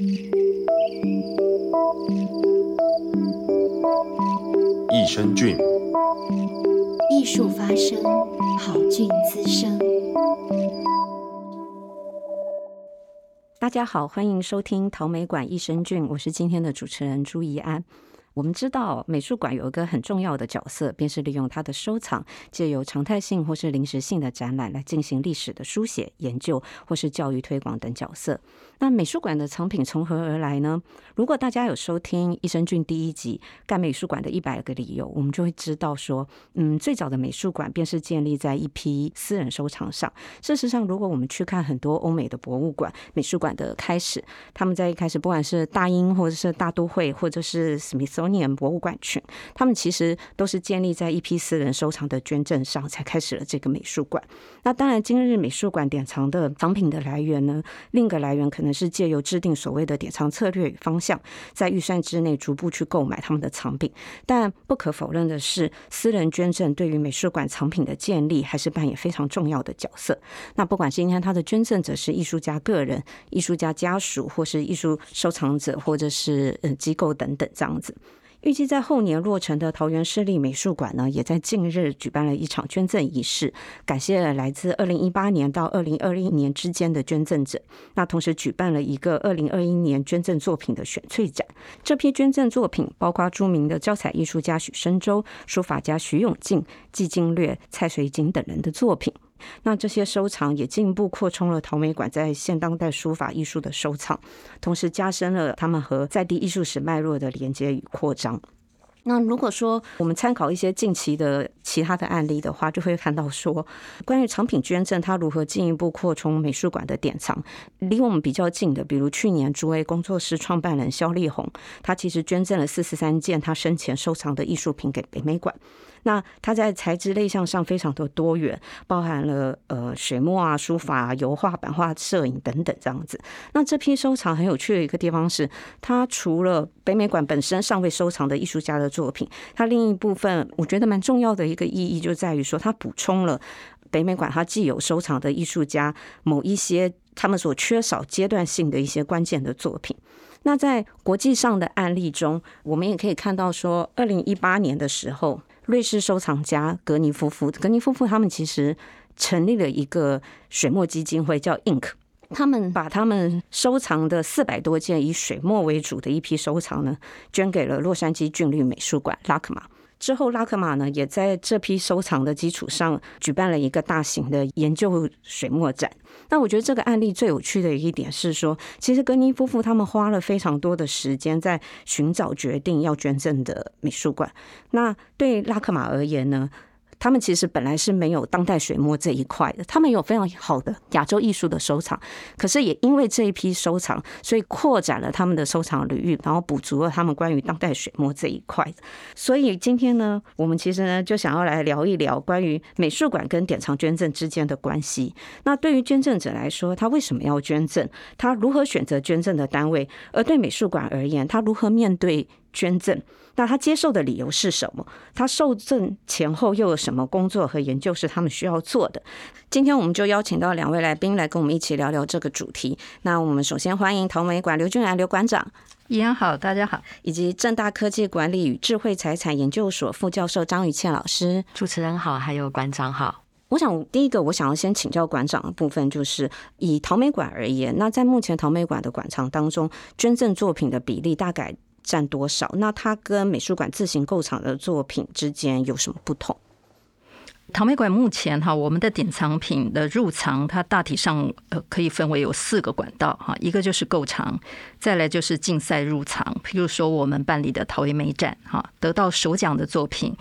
益生菌。藝術發聲，好菌滋生。大家好，歡迎收聽桃美館益生菌，我是今天的主持人朱貽安。我們知道，美術館有一個很重要的角色，便是利用它的收藏，借由常態性或是臨時性的展覽來進行歷史的書寫、研究或是教育推廣等角色。那美術館的藏品從何而來呢？如果大家有收聽《益生菌》第一集《幹美術館的一百個理由》，我們就會知道說，嗯，最早的美術館便是建立在一批私人收藏上。事實上，如果我們去看很多歐美的博物館、美術館的開始，他們在一開始，不管是大英，或者是大都會，或者是 Smithsonian 博物館群，他們其實都是建立在一批私人收藏的捐贈上，才開始了這個美術館。那當然，今日美術館典藏的藏品的來源呢，另一個來源可能。是借由制定所謂的典藏策略與方向，在預算之內逐步去購買他們的藏品。但不可否認的是，私人捐贈對於美術館藏品的建立還是扮演非常重要的角色。那不管今天他的捐贈者是藝術家個人、藝術家家屬，或是藝術收藏者，或者是嗯機構等等，這樣子。預計在後年落成的桃園市立美術館呢，也在近日舉辦了一場捐贈儀式，感謝了來自二零一八年到二零二一年之間的捐贈者。那同時舉辦了一個二零二一年捐贈作品的選粹展。這批捐贈作品包括著名的膠彩藝術家許深州，書法家徐永進、季金略、蔡水錦等人的作品。那這些收藏也進一步擴充了桃美館在現當代書法藝術的收藏，同時加深了他們和在地藝術史脈絡的連接與擴張。那如果說我們參考一些近期的其他的案例的話，就會看到說，關於藏品捐贈，它如何進一步擴充美術館的典藏。離我們比較近的，比如去年竹圍工作室創辦人蕭麗虹，他其實捐贈了四十三件他生前收藏的藝術品給北美館。那它在材質類項上非常的多元，包含了呃水墨啊、書法、啊、油畫、版畫、攝影等等這樣子。那這批收藏很有趣的一個地方是，它除了北美館本身尚未收藏的藝術家的作品，它另一部分我覺得蠻重要的一個意義就在於說，它補充了北美館它既有收藏的藝術家某一些他們所缺少階段性的一些關鍵的作品。那在國際上的案例中，我們也可以看到說，二零一八年的時候。瑞士收藏家格尼夫婦，格尼夫婦他們其實成立了一個水墨基金會，叫 INK。他們把他們收藏的四百多件以水墨為主的一批收藏呢，捐給了洛杉磯郡立美術館 （LACMA）。之後，拉克瑪呢，也在這批收藏的基礎上舉辦了一個大型的研究水墨展。那我覺得這個案例最有趣的一點是說，其實格尼夫婦他們花了非常多的時間在尋找決定要捐贈的美術館。那對拉克瑪而言呢？他們其實本來是沒有當代水墨這一塊的，他們有非常好的亞洲藝術的收藏，可是也因為這一批收藏，所以擴展了他們的收藏領域，然後補足了他們關於當代水墨這一塊。所以今天呢，我們其實呢就想要來聊一聊關於美術館跟典藏捐贈之間的關係。那對於捐贈者來說，他為什麼要捐贈？他如何選擇捐贈的單位？而對美術館而言，他如何面對？捐贈，那他接受的理由是什麼？他受贈前後又有什麼工作和研究是他們需要做的？今天我們就邀請到兩位來賓來跟我們一起聊聊這個主題。那我們首先歡迎桃美館劉俊蘭劉館長，你好。大家好。以及政大科技管理與智慧財產研究所副教授張瑜倩老師。主持人好，還有館長好。我想第一個我想要先請教館長的部分，就是以桃美館而言，那在目前桃美館的館藏當中，捐贈作品的比例大概？佔多少？那它跟美術館自行購藏的作品之間有什麼不同？桃美館目前哈，我們的典藏品的入藏，它大體上呃可以分為有四個管道哈，一個就是購藏，再來就是競賽入藏，譬如說我們辦理的桃園美展哈，得到首獎的作品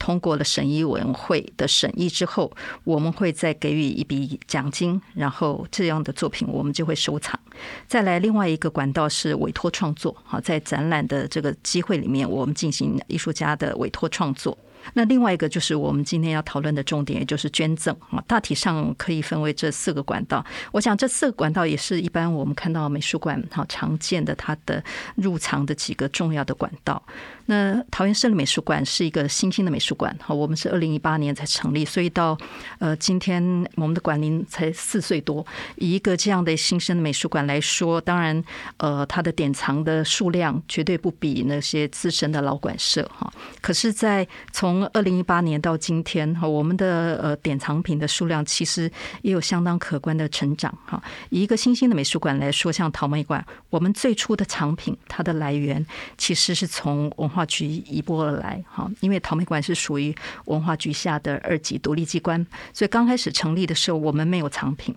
通過了審議委員會的審議之後，我們會再給予一筆獎金，然後這樣的作品我們就會收藏。再來另外一個管道是委託創作哈，在展覽的這個機會裡面，我們進行藝術家的委託創作。那另外一個就是我們今天要討論的重點，也就是捐贈啊。大體上可以分為這四個管道。我想這四個管道也是一般我們看到美術館哈常見的它的入藏的幾個重要的管道。那桃園市立美術館是一個新興的美術館，哈，我們是二零一八年才成立，所以到呃今天我們的館齡才四歲多。以一個這樣的新生的美術館來說，當然，呃，它的典藏的數量絕對不比那些資深的老館舍哈。可是，在從二零一八年到今天，哈，我們的呃典藏品的數量其實也有相當可觀的成長哈。以一個新興的美術館來說，像桃美館，我們最初的藏品它的來源其實是從我。文化局移撥而來，哈，因為桃美館是屬於文化局下的二級獨立機關，所以剛開始成立的時候，我們沒有藏品，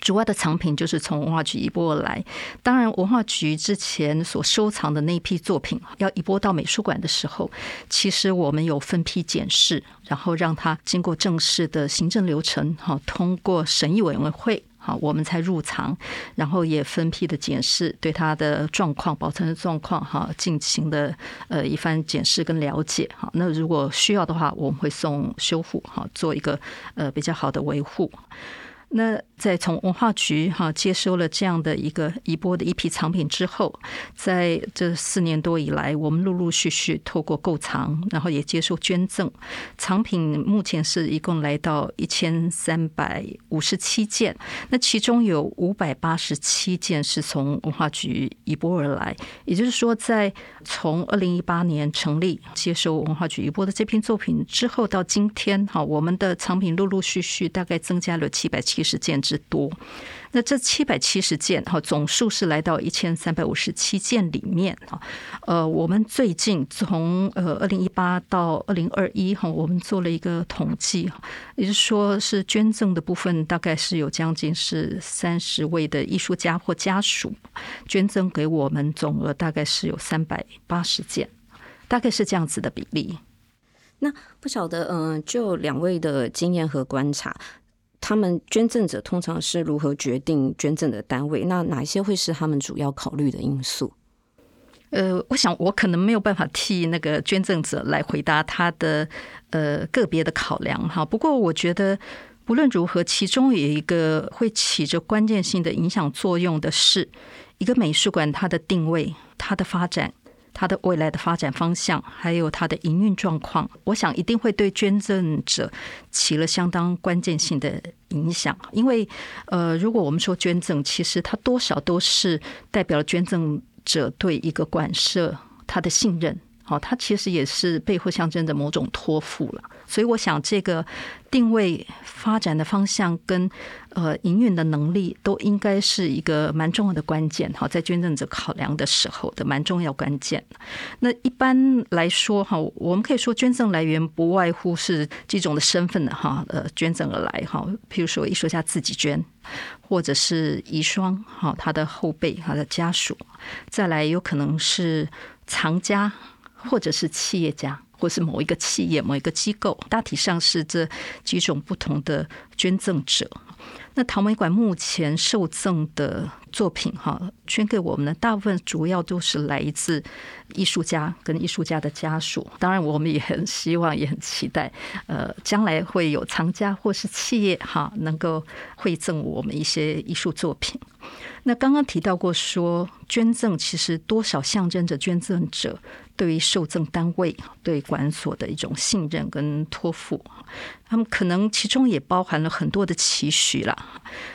主要的藏品就是從文化局移撥而來。當然，文化局之前所收藏的那一批作品要移撥到美術館的時候，其實我們有分批檢視，然後讓它經過正式的行政流程，哈，通過審議委員會。好，我們才入藏，然後也分批的檢視，對它的狀況、保存的狀況哈，進行的呃一番檢視跟了解。好，那如果需要的話，我們會送修復哈，做一個呃比較好的維護。那在從文化局哈接收了這樣的一個移撥的一批藏品之後，在這四年多以來，我們陸陸續續透過購藏，然後也接受捐贈藏品，目前是一共來到一千三百五十七件。那其中有五百八十七件是從文化局移撥而來，也就是說，在從二零一八年成立接收文化局移撥的這批作品之後，到今天哈，我們的藏品陸陸續續大概增加了七百七十。十件之多，那這七百七十件哈，總數是來到一千三百五十七件裡面哈。呃，我們最近從呃二零一八到二零二一哈，我們做了一個統計，也就是說是捐贈的部分大概是有將近是三十位的藝術家或家屬捐贈給我們，總額大概是有三百八十件，大概是這樣子的比例。那不曉得，嗯，就兩位的經驗和觀察。他們捐贈者通常是如何決定捐贈的單位？那哪一些會是他們主要考慮的因素？呃，我想我可能沒有辦法替那個捐贈者來回答他的呃個別的考量哈。不過我覺得不論如何，其中有一個會起着關鍵性的影響作用的是一個美術館它的定位，它的發展。它的未來的發展方向，還有它的營運狀況，我想一定會對捐贈者起了相當關鍵性的影響。因為，呃，如果我們說捐贈，其實它多少都是代表了捐贈者對一個館舍他的信任，好，哦，它其實也是背後象徵着某種托付了。所以我想，這個定位發展的方向跟呃營運的能力，都應該是一個蠻重要的關鍵。哈，在捐贈者考量的時候的蠻重要關鍵。那一般來說，哈，我們可以說捐贈來源不外乎是這種的身份的哈，呃，捐贈而來哈。譬如說，藝術家自己捐，或者是遺孀哈，他的後輩，他的家屬。再來，有可能是藏家，或者是企業家。或是某一個企業、某一個機構，大體上是這幾種不同的捐贈者。那桃美館目前受贈的作品哈、啊、捐給我們的大部分主要都是來自藝術家跟藝術家的家屬，當然我們也很希望也很期待，呃，將來會有藏家，或是企業哈、啊、能夠惠贈我們一些藝術作品。那剛剛提到過說，捐贈其實多少象徵着捐贈者對於受贈單位、對館所的一種信任跟託付，他們可能其中也包含了很多的期許啦，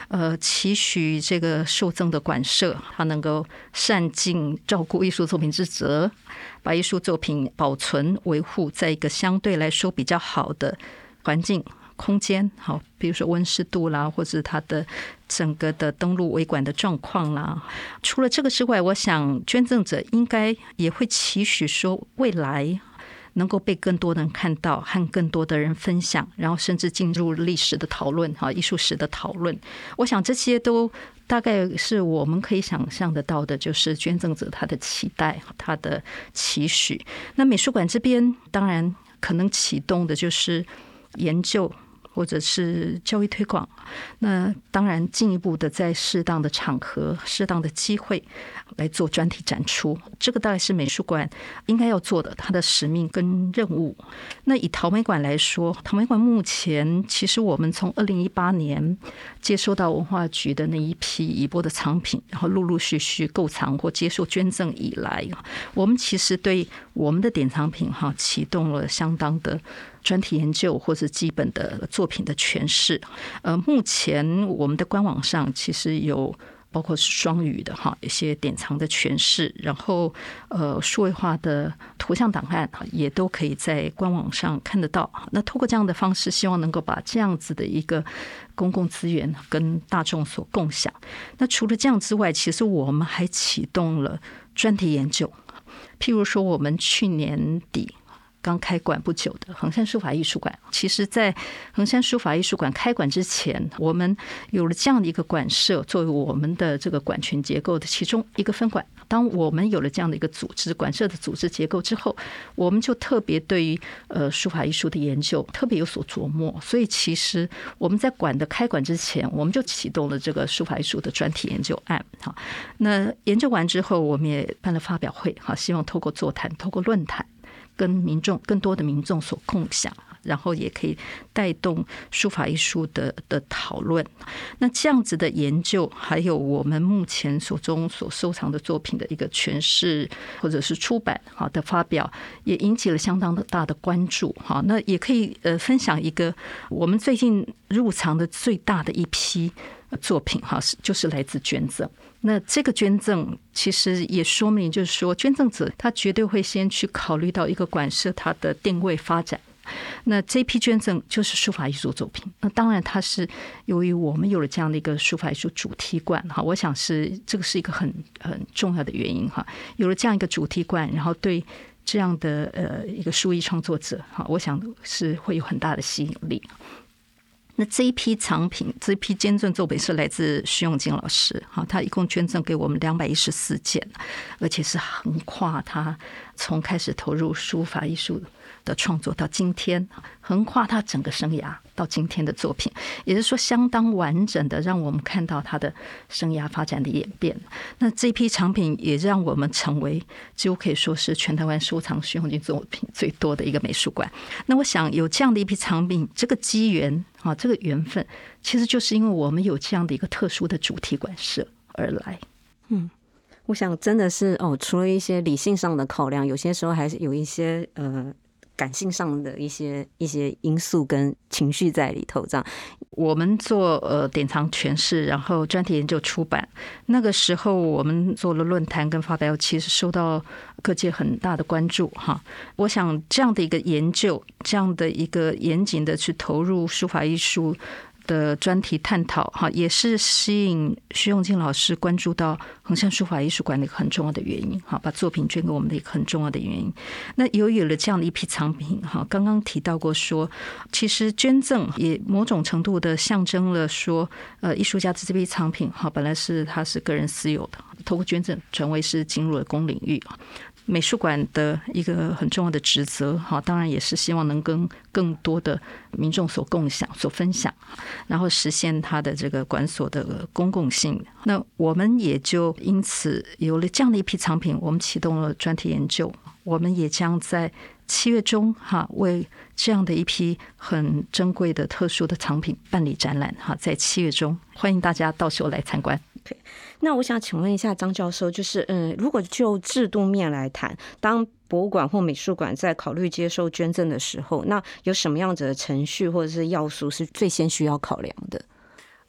呃，期許這個受贈。的館舍，它能夠善盡照顧藝術作品之責，把藝術作品保存維護在一個相對來說比較好的環境空間。好，比如說溫濕度啦，或是它的整個的登錄維管的狀況啦。除了這個之外，我想捐贈者應該也會期許說，未來能夠被更多人看到，和更多的人分享，然後甚至進入歷史的討論，哈，藝術史的討論。我想這些都。大概是我們可以想象得到的，就是捐贈者他的期待、他的期許。那美術館這邊當然可能啟動的就是研究。或者是教育推廣，那當然進一步的在適當的場合、適當的機會來做專題展出，這個大概是美術館應該要做的，它的使命跟任務。那以桃美館來說，桃美館目前其實我們從二零一八年接收到文化局的那一批移撥的藏品，然後陸陸續續購藏或接受捐贈以來，我們其實對我們的典藏品哈啟動了相當的。專題研究或是基本的作品的詮釋，呃，目前我們的官網上其實有包括是雙語的哈一些典藏的詮釋，然後呃，數位化的圖像檔案也都可以在官網上看得到。那透過這樣的方式，希望能夠把這樣子的一個公共資源跟大眾所共享。那除了這樣之外，其實我們還啟動了專題研究，譬如說我們去年底。剛開館不久的橫山書法藝術館，其實，在橫山書法藝術館開館之前，我們有了這樣的一個館舍作為我們的這個館群結構的其中一個分館。當我們有了這樣的一個組織館舍的組織結構之後，我們就特別對於呃書法藝術的研究特別有所琢磨。所以，其實我們在館的開館之前，我們就啟動了這個書法藝術的專題研究案。哈，那研究完之後，我們也辦了發表會，哈，希望透過座談，透過論壇。跟民眾更多的民眾所共享，然後也可以帶動書法藝術的的討論。那這樣子的研究，還有我們目前手中所收藏的作品的一個詮釋，或者是出版，好的發表，也引起了相當的大的關注。哈，那也可以呃分享一個我們最近入藏的最大的一批。作品哈，是就是來自捐贈，那這個捐贈其實也說明就是說，捐贈者他絕對會先去考慮到一個館舍它的定位發展，那這批捐贈就是書法藝術作品，那當然它是由於我們有了這樣的一個書法藝術主題館哈，我想是這個是一個很很重要的原因哈，有了這樣一個主題館，然後對這樣的呃一個書藝創作者哈，我想是會有很大的吸引力。那這一批藏品，這一批捐贈作品是來自徐永進老師，哈，他一共捐贈給我們兩百一十四件，而且是橫跨他從開始投入書法藝術。的創作到今天，橫跨他整個生涯到今天的作品，也就是說相當完整的，讓我們看到他的生涯發展的演變。那這批藏品也讓我們成為幾乎可以說是全台灣收藏徐永進作品最多的一個美術館。那我想有這樣的一批藏品，這個機緣啊，這個緣分，其實就是因為我們有這樣的一個特殊的主題館舍而來。嗯，我想真的是哦，除了一些理性上的考量，有些時候還是有一些呃。感性上的一些一些因素跟情緒在裡頭，這樣我們做呃典藏詮釋，然後專題研究出版，那個時候我們做了論壇跟發表，其實受到各界很大的關注哈。我想這樣的一個研究，這樣的一個嚴謹的去投入書法藝術的專題探討，哈，也是吸引徐永進老師關注到。橫山書法藝術館的一個很重要的原因，哈，把作品捐給我們的一個很重要的原因。那由於了這樣的一批藏品，哈，剛剛提到過說，說其實捐贈也某種程度的象徵了說，說呃，藝術家的這批藏品，哈，本來是他是個人私有的，透過捐贈成為是進入了公領域。美術館的一個很重要的職責，哈，當然也是希望能跟更多的民眾所共享、所分享，然後實現它的這個館所的公共性。那我們也就。因此，有了這樣的一批藏品，我們啟動了專題研究。我們也將在七月中，哈，為這樣的一批很珍貴的、特殊的藏品辦理展覽，哈，在七月中，歡迎大家到時候來參觀。Okay。那我想請問一下張教授，就是，嗯，如果就制度面來談，當博物館或美術館在考慮接受捐贈的時候，那有什麼樣子的程序或者是要素是最先需要考量的？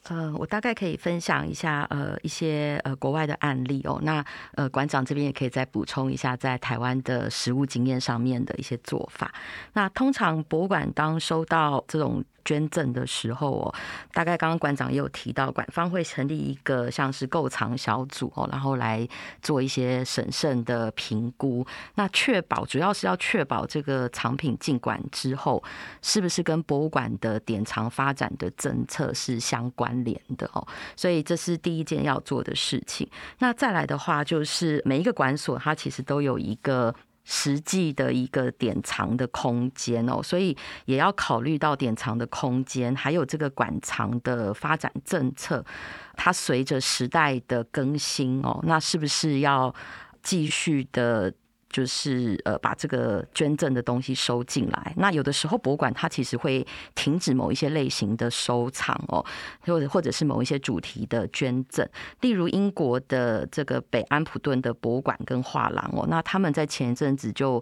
呃，我大概可以分享一下，呃，一些呃國外的案例哦。那呃館長這邊也可以再補充一下，在台灣的實務經驗上面的一些做法。那通常博物館當收到這種捐贈的時候哦，大概剛剛館長也有提到，館方會成立一個像是購藏小組哦，然後來做一些審慎的評估，那確保主要是要確保這個藏品進館之後是不是跟博物館的典藏發展的政策是相關聯的哦，所以這是第一件要做的事情。那再來的話，就是每一個館所它其實都有一個。實際的一個典藏的空間哦，所以也要考慮到典藏的空間，還有這個館藏的發展政策，它隨着時代的更新哦，那是不是要繼續的？就是呃，把這個捐贈的東西收進來。那有的時候博物館它其實會停止某一些類型的收藏哦，或者或者是某一些主題的捐贈。例如英國的這個北安普頓的博物館跟畫廊哦，那他們在前一陣子就。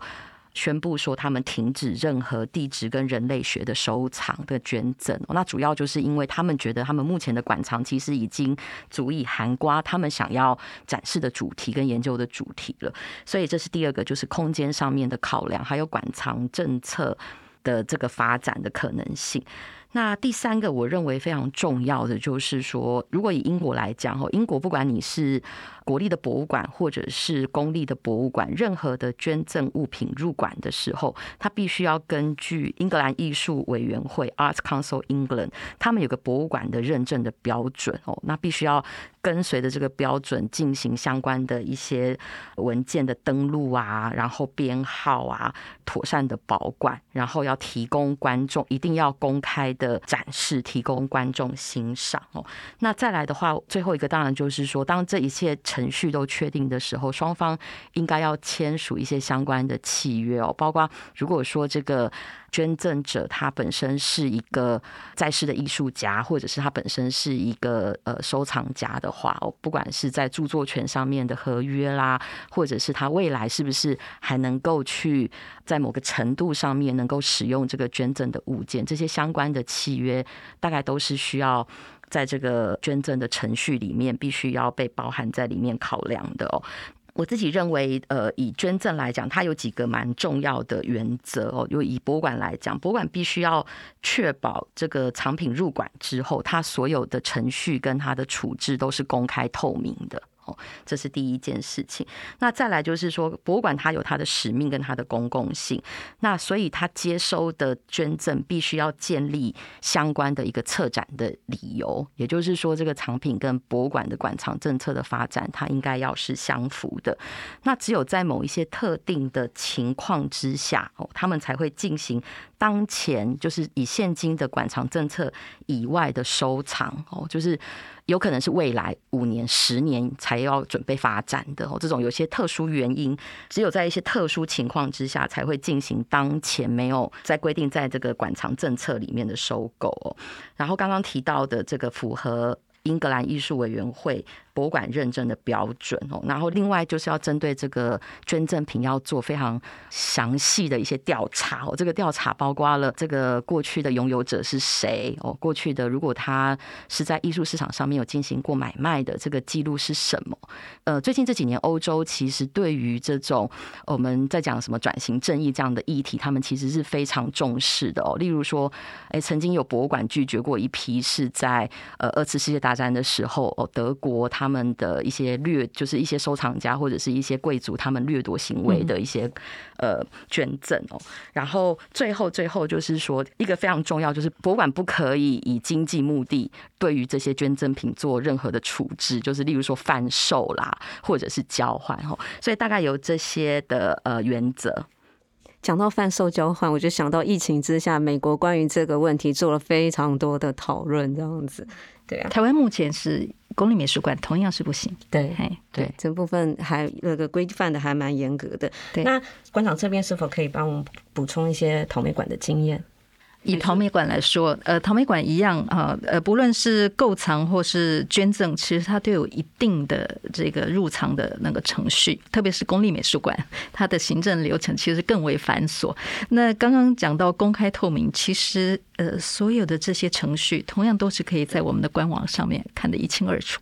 宣布說，他們停止任何地質跟人類學的收藏的捐贈。那主要就是因為他們覺得，他們目前的館藏其實已經足以涵蓋他們想要展示的主題跟研究的主題了。所以，這是第二個，就是空間上面的考量，還有館藏政策的這個發展的可能性。那第三個我認為非常重要的就是說，如果以英國來講哦，英國不管你是國立的博物館或者是公立的博物館，任何的捐贈物品入館的時候，它必須要根據英格蘭藝術委員會 （Arts Council England） 他們有個博物館的認證的標準哦，那必須要跟隨着這個標準進行相關的一些文件的登錄啊，然後編號啊，妥善的保管，然後要提供觀眾，一定要公開。的展示提供觀眾欣賞哦。那再來的話，最後一個當然就是說，當這一切程序都確定的時候，雙方應該要簽署一些相關的契約哦。包括如果說這個捐贈者他本身是一個在世的藝術家，或者是他本身是一個呃收藏家的話哦，不管是在著作權上面的合約啦，或者是他未來是不是還能夠去在某個程度上面能夠使用這個捐贈的物件，這些相關的。契約大概都是需要在這個捐贈的程序裡面必須要被包含在裡面考量的哦。我自己認為，呃，以捐贈來講，它有幾個蠻重要的原則哦。又以博物館來講，博物館必須要確保這個藏品入館之後，它所有的程序跟它的處置都是公開透明的。這是第一件事情。那再來就是說，博物館它有它的使命跟它的公共性，那所以它接收的捐贈必須要建立相關的一個策展的理由，也就是說，這個藏品跟博物館的館藏政策的發展，它應該要是相符的。那只有在某一些特定的情況之下，哦，他們才會進行當前就是以現今的館藏政策以外的收藏，哦，就是。有可能是未來五年、十年才要準備發展的哦，這種有些特殊原因，只有在一些特殊情況之下才會進行，當前沒有在規定在這個館藏政策裡面的收購哦。然後剛剛提到的這個符合英格蘭藝術委員會。博物館認證的標準哦，然後另外就是要針對這個捐贈品要做非常詳細的一些調查哦。這個調查包括了這個過去的擁有者是誰哦，過去的如果他是在藝術市場上面有進行過買賣的，這個記錄是什麼？呃，最近這幾年歐洲其實對於這種我們在講什麼轉型正義這樣的議題，他們其實是非常重視的哦。例如說，誒，曾經有博物館拒絕過一批是在呃二次世界大戰的時候哦，德國他。他們的一些掠，就是一些收藏家或者是一些貴族，他們掠奪行為的一些呃捐贈哦、嗯。然後最後最後就是說，一個非常重要，就是博物館不可以以經濟目的對於這些捐贈品做任何的處置，就是例如說販售啦，或者是交換哦。所以大概有這些的呃原則。講到販售交換，我就想到疫情之下，美國關於這個問題做了非常多的討論，這樣子，對啊。台灣目前是公立美術館，同樣是不行，對，對，這部分還那個規範的還蠻嚴格的。對，那館長這邊是否可以幫我們補充一些桃美館的經驗？以桃美館來說，呃，桃美館一樣啊，呃、啊，不論是購藏或是捐贈，其實它都有一定的這個入藏的那個程序，特別是公立美術館，它的行政流程其實更為繁瑣。那剛剛講到公開透明，其實呃，所有的這些程序同樣都是可以在我們的官網上面看得一清二楚。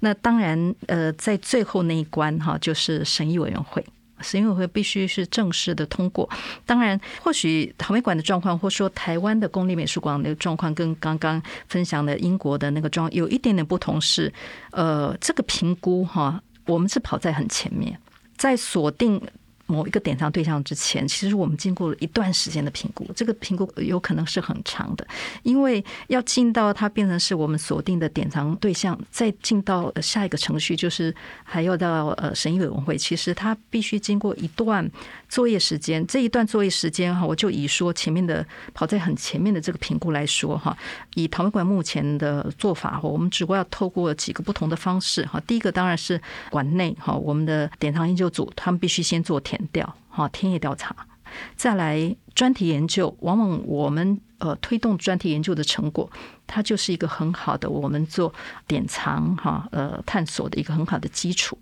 那當然，呃，在最後那一關哈、啊，就是審議委員會。是因為會必須是正式的通過。當然，或許桃美館的狀況，或說台灣的公立美術館的狀況，跟剛剛分享的英國的那個狀有一點點不同，是呃，這個評估哈，我們是跑在很前面，在鎖定，某一個典藏對象之前，其實我們經過了一段時間的評估，這個評估有可能是很長的，因為要進到它變成是我們鎖定的典藏對象，再進到下一個程序，就是還要到呃審議委員會。其實它必須經過一段作業時間，這一段作業時間哈，我就以說前面的跑在很前面的這個評估來說哈，以桃美館目前的做法哈，我們只不過要透過幾個不同的方式哈，第一個當然是館內哈，我們的典藏研究組他們必須先做填。調哈田野調查，再來專題研究，往往我們呃推動專題研究的成果，它就是一個很好的我們做典藏哈呃探索的一個很好的基礎。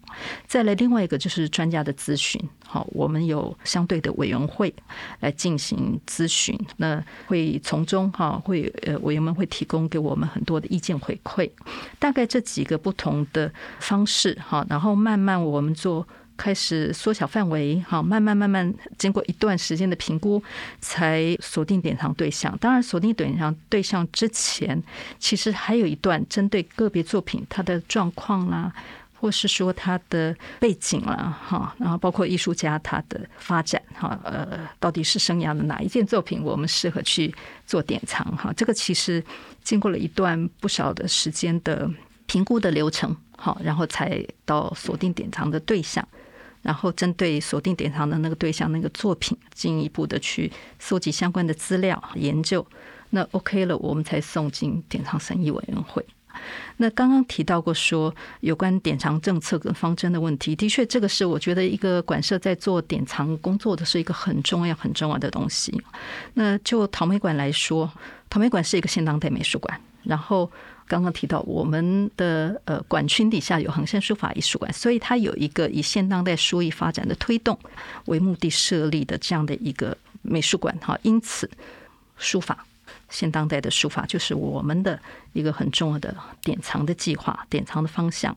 再來另外一個就是專家的諮詢，好、哦，我們有相對的委員會來進行諮詢，那會從中哈會呃委員們會提供給我們很多的意見回饋。大概這幾個不同的方式哈、哦，然後慢慢我們做。開始縮小範圍，哈，慢慢慢慢，經過一段時間的評估，才鎖定典藏對象。當然，鎖定典藏對象之前，其實還有一段針對個別作品它的狀況啦、啊，或是說它的背景啦，哈，然後包括藝術家他的發展，哈，呃，到底是生涯的哪一件作品我們適合去做典藏，哈，這個其實經過了一段不少的時間的評估的流程，哈，然後才到鎖定典藏的對象。然後針對鎖定典藏的那個對象、那個作品，進一步的去蒐集相關的資料研究，那 OK 了，我們才送進典藏審議委員會。那剛剛提到過說有關典藏政策跟方針的問題，的確這個是我覺得一個館舍在做典藏工作的是一個很重要很重要的東西。那就桃美館來說，桃美館是一個現當代美術館，然後。剛剛提到，我們的呃館群底下有橫山書法藝術館，所以它有一個以現當代書藝發展的推動為目的設立的這樣的一個美術館哈。因此，書法。現當代的書法就是我們的一個很重要的典藏的計劃、典藏的方向。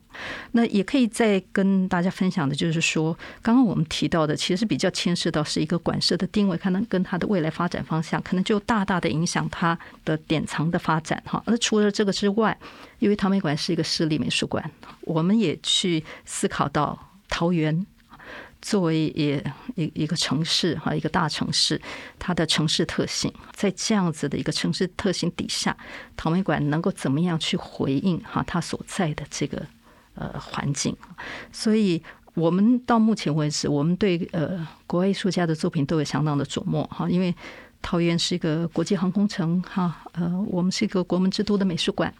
那也可以再跟大家分享的，就是說，剛剛我們提到的，其實比較牽涉到是一個館舍的定位，可能跟它的未來發展方向，可能就大大的影響它的典藏的發展哈。那、啊、除了這個之外，因為桃美館是一個市立美術館，我們也去思考到桃園，作為也一一個城市哈，一個大城市，它的城市特性，在這樣子的一個城市特性底下，桃美館能夠怎麼樣去回應哈它所在的這個呃環境？所以我們到目前為止，我們對呃國外藝術家的作品都有相當的琢磨哈，因為。桃園是一個國際航空城，哈、啊，呃，我們是一個國門之都的美術館，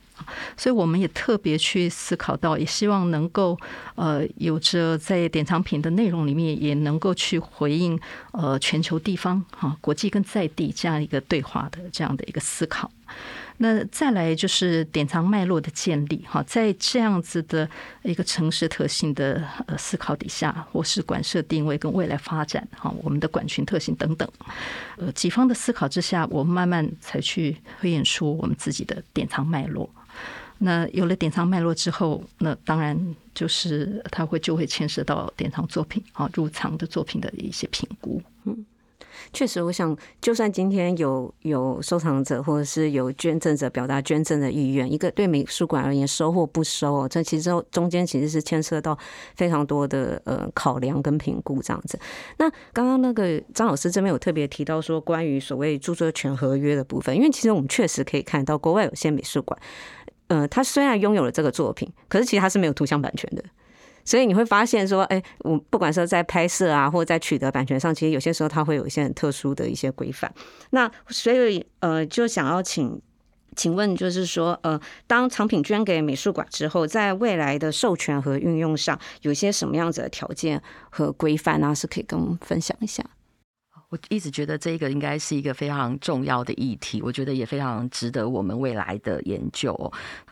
所以我們也特別去思考到，也希望能夠，呃，有着在典藏品的內容裡面也能夠去回應，呃，全球地方哈、啊，國際跟在地這樣一個對話的這樣的一個思考。那再來就是典藏脈絡的建立，哈，在這樣子的一個城市特性的呃思考底下，或是館舍定位跟未來發展，哈，我們的館群特性等等，呃，幾方的思考之下，我慢慢才去推演出我們自己的典藏脈絡。那有了典藏脈絡之後，那當然就是它會就會牽涉到典藏作品啊入藏的作品的一些評估，嗯。確實，我想，就算今天有有收藏者或者是有捐贈者表達捐贈的意願，一個對美術館而言收或不收，這其實中間其實是牽涉到非常多的呃考量跟評估這樣子。那剛剛那個張老師這邊有特別提到說，關於所謂著作權合約的部分，因為其實我們確實可以看到，國外有些美術館，呃，他雖然擁有了這個作品，可是其實他是沒有圖像版權的。所以你會發現說，哎，我不管說在拍攝啊，或者在取得版權上，其實有些時候它會有一些很特殊的一些規範。那所以呃，就想要請，請問就是說，呃，當藏品捐給美術館之後，在未來的授權和運用上，有些什麼樣子的條件和規範呢？啊，是可以跟我們分享一下。我一直覺得這個應該是一個非常重要的議題，我覺得也非常值得我們未來的研究。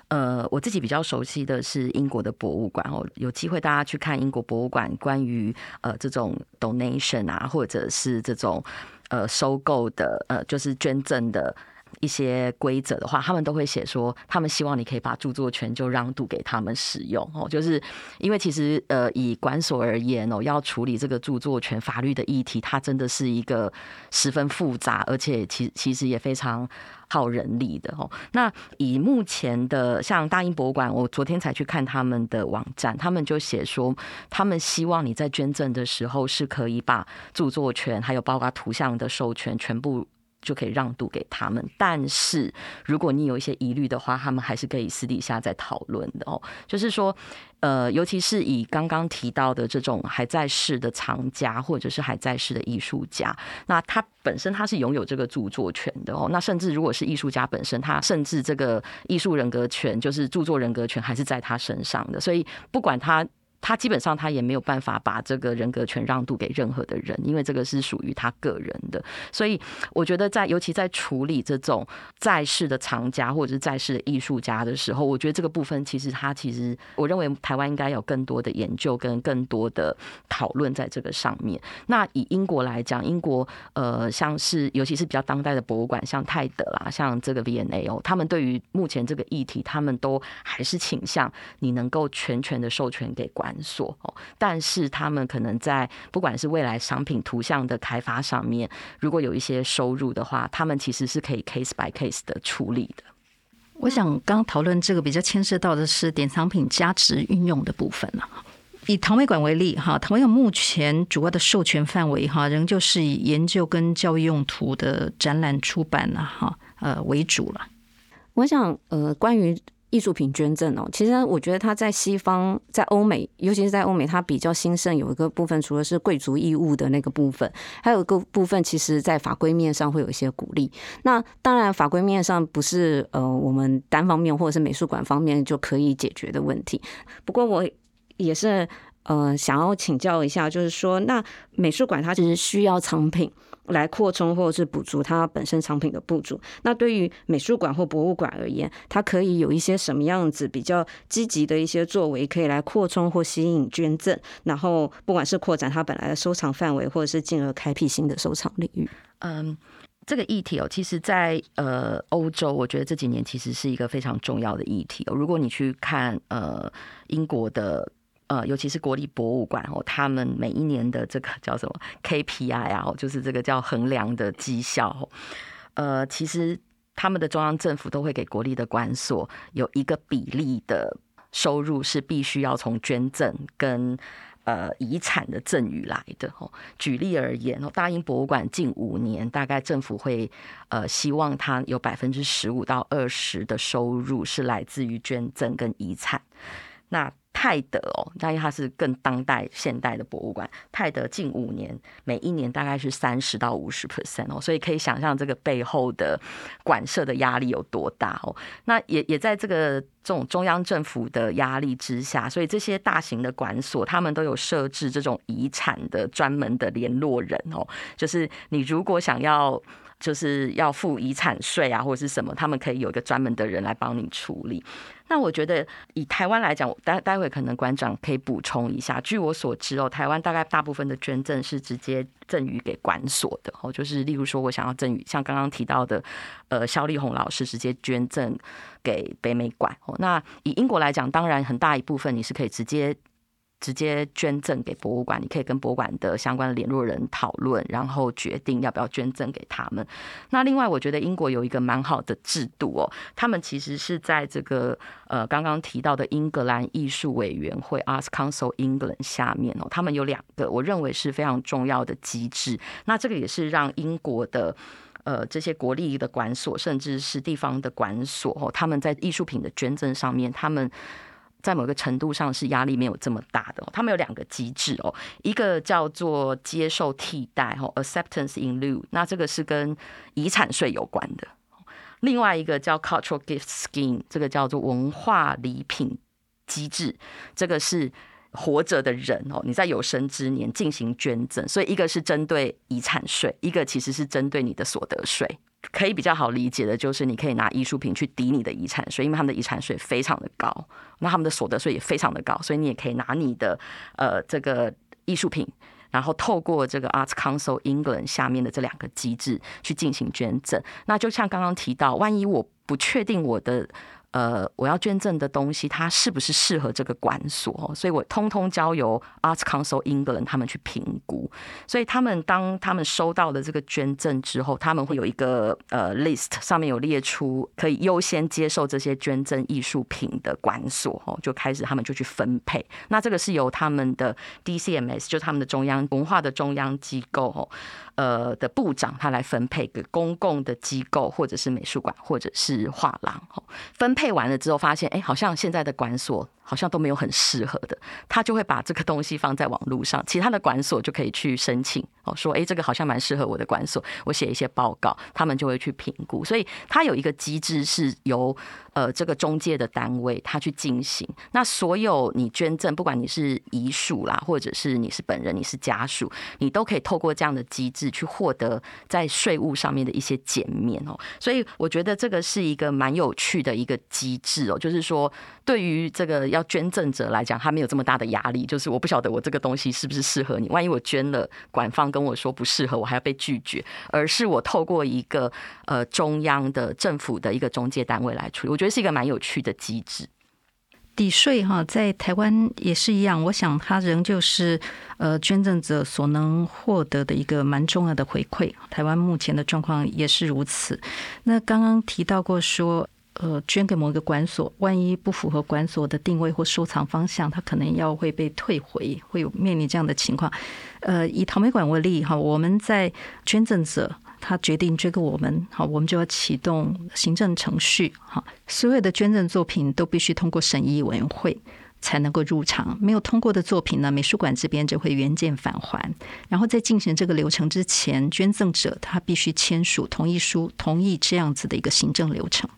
呃，我自己比較熟悉的是英國的博物館哦，有機會大家去看英國博物館關於呃這種 donation 啊，或者是這種呃收購的，呃，就是捐贈的。一些規則的話，他們都會寫說，他們希望你可以把著作權就讓渡給他們使用哦，就是因為其實呃，以館所而言哦，要處理這個著作權法律的議題，它真的是一個十分複雜，而且其其實也非常耗人力的哦。那以目前的像大英博物館，我昨天才去看他們的網站，他們就寫說，他們希望你在捐贈的時候是可以把著作權還有包括圖像的授權全部。就可以讓渡給他們，但是如果你有一些疑慮的話，他們還是可以私底下再討論的哦。就是說，呃，尤其是以剛剛提到的這種還在世的藏家或者是還在世的藝術家，那他本身他是擁有這個著作權的哦。那甚至如果是藝術家本身，他甚至這個藝術人格權，就是著作人格權，還是在他身上的。所以不管他。他基本上他也沒有辦法把這個人格權讓渡給任何的人，因為這個是屬於他個人的。所以我覺得在尤其在處理這種在世的藏家或者是在世的藝術家的時候，我覺得這個部分其實他其實我認為台灣應該有更多的研究跟更多的討論在這個上面。那以英國來講，英國呃像是尤其是比較當代的博物館，像泰德啊，像這個 V&A 哦，他們對於目前這個議題，他們都還是傾向你能夠全權的授權給館。繁瑣哦，但是他們可能在不管是未來商品圖像的開發上面，如果有一些收入的話，他們其實是可以 case by case 的處理的。我想剛剛討論這個比較牽涉到的是典藏品價值運用的部分了，啊。以桃美館為例，哈，桃美館目前主要的授權範圍，哈，仍舊是以研究跟教育用途的展覽出版了，哈，呃為主了。我想，呃，關於。藝術品捐贈哦，其實我覺得它在西方，在歐美，尤其是在歐美，它比較興盛。有一個部分，除了是貴族義務的那個部分，還有一個部分，其實在法規面上會有一些鼓勵。那當然，法規面上不是呃我們單方面或者是美術館方面就可以解決的問題。不過我也是呃想要請教一下，就是說，那美術館它其實需要藏品，來擴充或者是補足它本身藏品的不足。那對於美術館或博物館而言，它可以有一些什麼樣子比較積極的一些作為，可以來擴充或吸引捐贈，然後不管是擴展它本來的收藏範圍，或者是進而開闢新的收藏領域。嗯，這個議題哦，其實在呃歐洲，我覺得這幾年其實是一個非常重要的議題哦。如果你去看呃英國的。呃，尤其是國立博物館哦，他們每一年的這個叫什麼 KPI 哦、啊，就是這個叫衡量的績效哦。呃，其實他們的中央政府都會給國立的館所有一個比例的收入是必須要從捐贈跟呃遺產的贈與來的哦、呃。舉例而言哦，大英博物館近五年大概政府會呃希望它有百分之十五到二十的收入是來自於捐贈跟遺產，那。泰德哦，因為它是更當代現代的博物館。泰德近五年每一年大概是三十到五十 percent 哦，所以可以想象這個背後的館舍的壓力有多大哦。那也也在這個這種中央政府的壓力之下，所以這些大型的館所他們都有設置這種遺產的專門的聯絡人哦，就是你如果想要。就是要付遺產稅啊，或者是什麼，他們可以有一個專門的人來幫你處理。那我覺得以台灣來講，待待會可能館長可以補充一下。據我所知哦，台灣大概大部分的捐贈是直接贈予給館所的哦，就是例如說我想要贈予，像剛剛提到的，呃，蕭麗虹老師直接捐贈給北美館。哦，那以英國來講，當然很大一部分你是可以直接。直接捐贈給博物館，你可以跟博物館的相關聯絡人討論，然後決定要不要捐贈給他們。那另外，我覺得英國有一個蠻好的制度哦，他們其實是在這個呃剛剛提到的英格蘭藝術委員會 a s t Council England） 下面哦，他們有兩個我認為是非常重要的機制。那這個也是讓英國的呃這些國立的館所，甚至是地方的館所哦，他們在藝術品的捐贈上面，他們。在某個程度上是壓力沒有這麼大的哦，他們有兩個機制哦，一個叫做接受替代哈 （acceptance in lieu），那這個是跟遺產稅有關的；另外一個叫 cultural gift scheme，這個叫做文化禮品機制，這個是活着的人哦，你在有生之年進行捐贈，所以一個是針對遺產稅，一個其實是針對你的所得稅。可以比較好理解的就是，你可以拿藝術品去抵你的遺產稅，因為他們的遺產稅非常的高，那他們的所得稅也非常的高，所以你也可以拿你的呃這個藝術品，然後透過這個 Arts Council England 下面的這兩個機制去進行捐贈。那就像剛剛提到，萬一我不確定我的。呃，我要捐贈的東西，它是不是適合這個館所？所以我通通交由 Arts Council England 他們去評估。所以他們當他們收到的這個捐贈之後，他們會有一個呃 list，上面有列出可以優先接受這些捐贈藝術品的館所哦，就開始他們就去分配。那這個是由他們的 DCMS 就他們的中央文化的中央機構哦。呃的部長，他來分配給公共的機構，或者是美術館，或者是畫廊。分配完了之後，發現，哎，好像現在的館所好像都沒有很適合的，他就會把這個東西放在網絡上，其他的館所就可以去申請。哦，說，哎，這個好像蠻適合我的館所，我寫一些報告，他們就會去評估。所以，他有一個機制是由呃這個中介的單位他去進行。那所有你捐贈，不管你是遺屬啦，或者是你是本人，你是家屬，你都可以透過這樣的機制。去獲得在稅務上面的一些減免哦，所以我覺得這個是一個蠻有趣的一個機制哦，就是說，對於這個要捐贈者來講，他沒有這麼大的壓力，就是我不曉得我這個東西是不是適合你，萬一我捐了，館方跟我說不適合，我還要被拒絕，而是我透過一個呃中央的政府的一個中介單位來處理，我覺得是一個蠻有趣的機制。抵稅哈，在台灣也是一樣，我想它仍舊是呃捐贈者所能獲得的一個蠻重要的回饋。台灣目前的狀況也是如此。那剛剛提到過說，呃，捐給某一個館所，萬一不符合館所的定位或收藏方向，它可能要會被退回，會有面臨這樣的情況。呃，以桃美館為例哈，我們在捐贈者。他決定捐給我們，好，我們就要啟動行政程序。好，所有的捐贈作品都必須通過審議委員會才能夠入場，沒有通過的作品呢，美術館這邊就會原件返還。然後在進行這個流程之前，捐贈者他必須簽署同意書，同意這樣子的一個行政流程。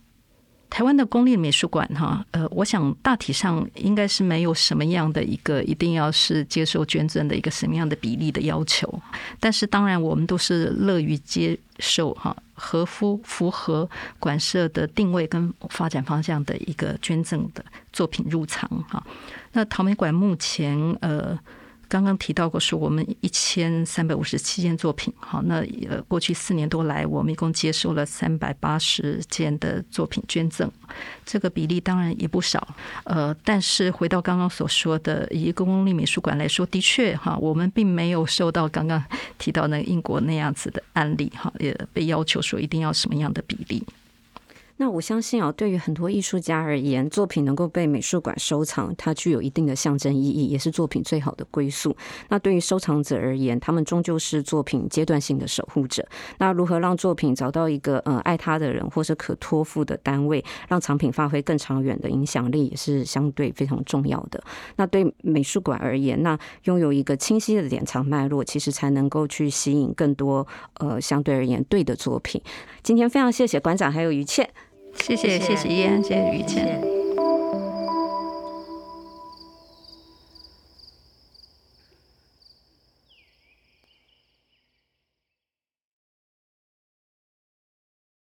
臺灣的公立美術館，哈，呃，我想大體上應該是沒有什麼樣的一個一定要是接受捐贈的一個什麼樣的比例的要求，但是當然我們都是樂於接受哈，合乎符合館舍的定位跟發展方向的一個捐贈的作品入藏哈。那桃美館目前呃，剛剛提到過，說我們一千三百五十七件作品，好，那呃，過去四年多來，我們一共接受了三百八十件的作品捐贈，這個比例當然也不少，呃，但是回到剛剛所說的，以公立美術館來說，的確哈，我們並沒有受到剛剛提到那個英國那樣子的案例，哈，也被要求說一定要什麼樣的比例。那我相信啊、哦，對於很多藝術家而言，作品能夠被美術館收藏，它具有一定的象徵意義，也是作品最好的歸宿。那對於收藏者而言，他們終究是作品階段性的守護者。那如何讓作品找到一個呃愛他的人或者可托付的單位，讓藏品發揮更長遠的影響力，也是相對非常重要的。那對美術館而言，那擁有一個清晰的典藏脈絡，其實才能夠去吸引更多呃相對而言對的作品。今天非常謝謝館長還有瑜倩。謝謝，謝謝貽安，謝謝瑜倩。謝謝謝謝謝謝。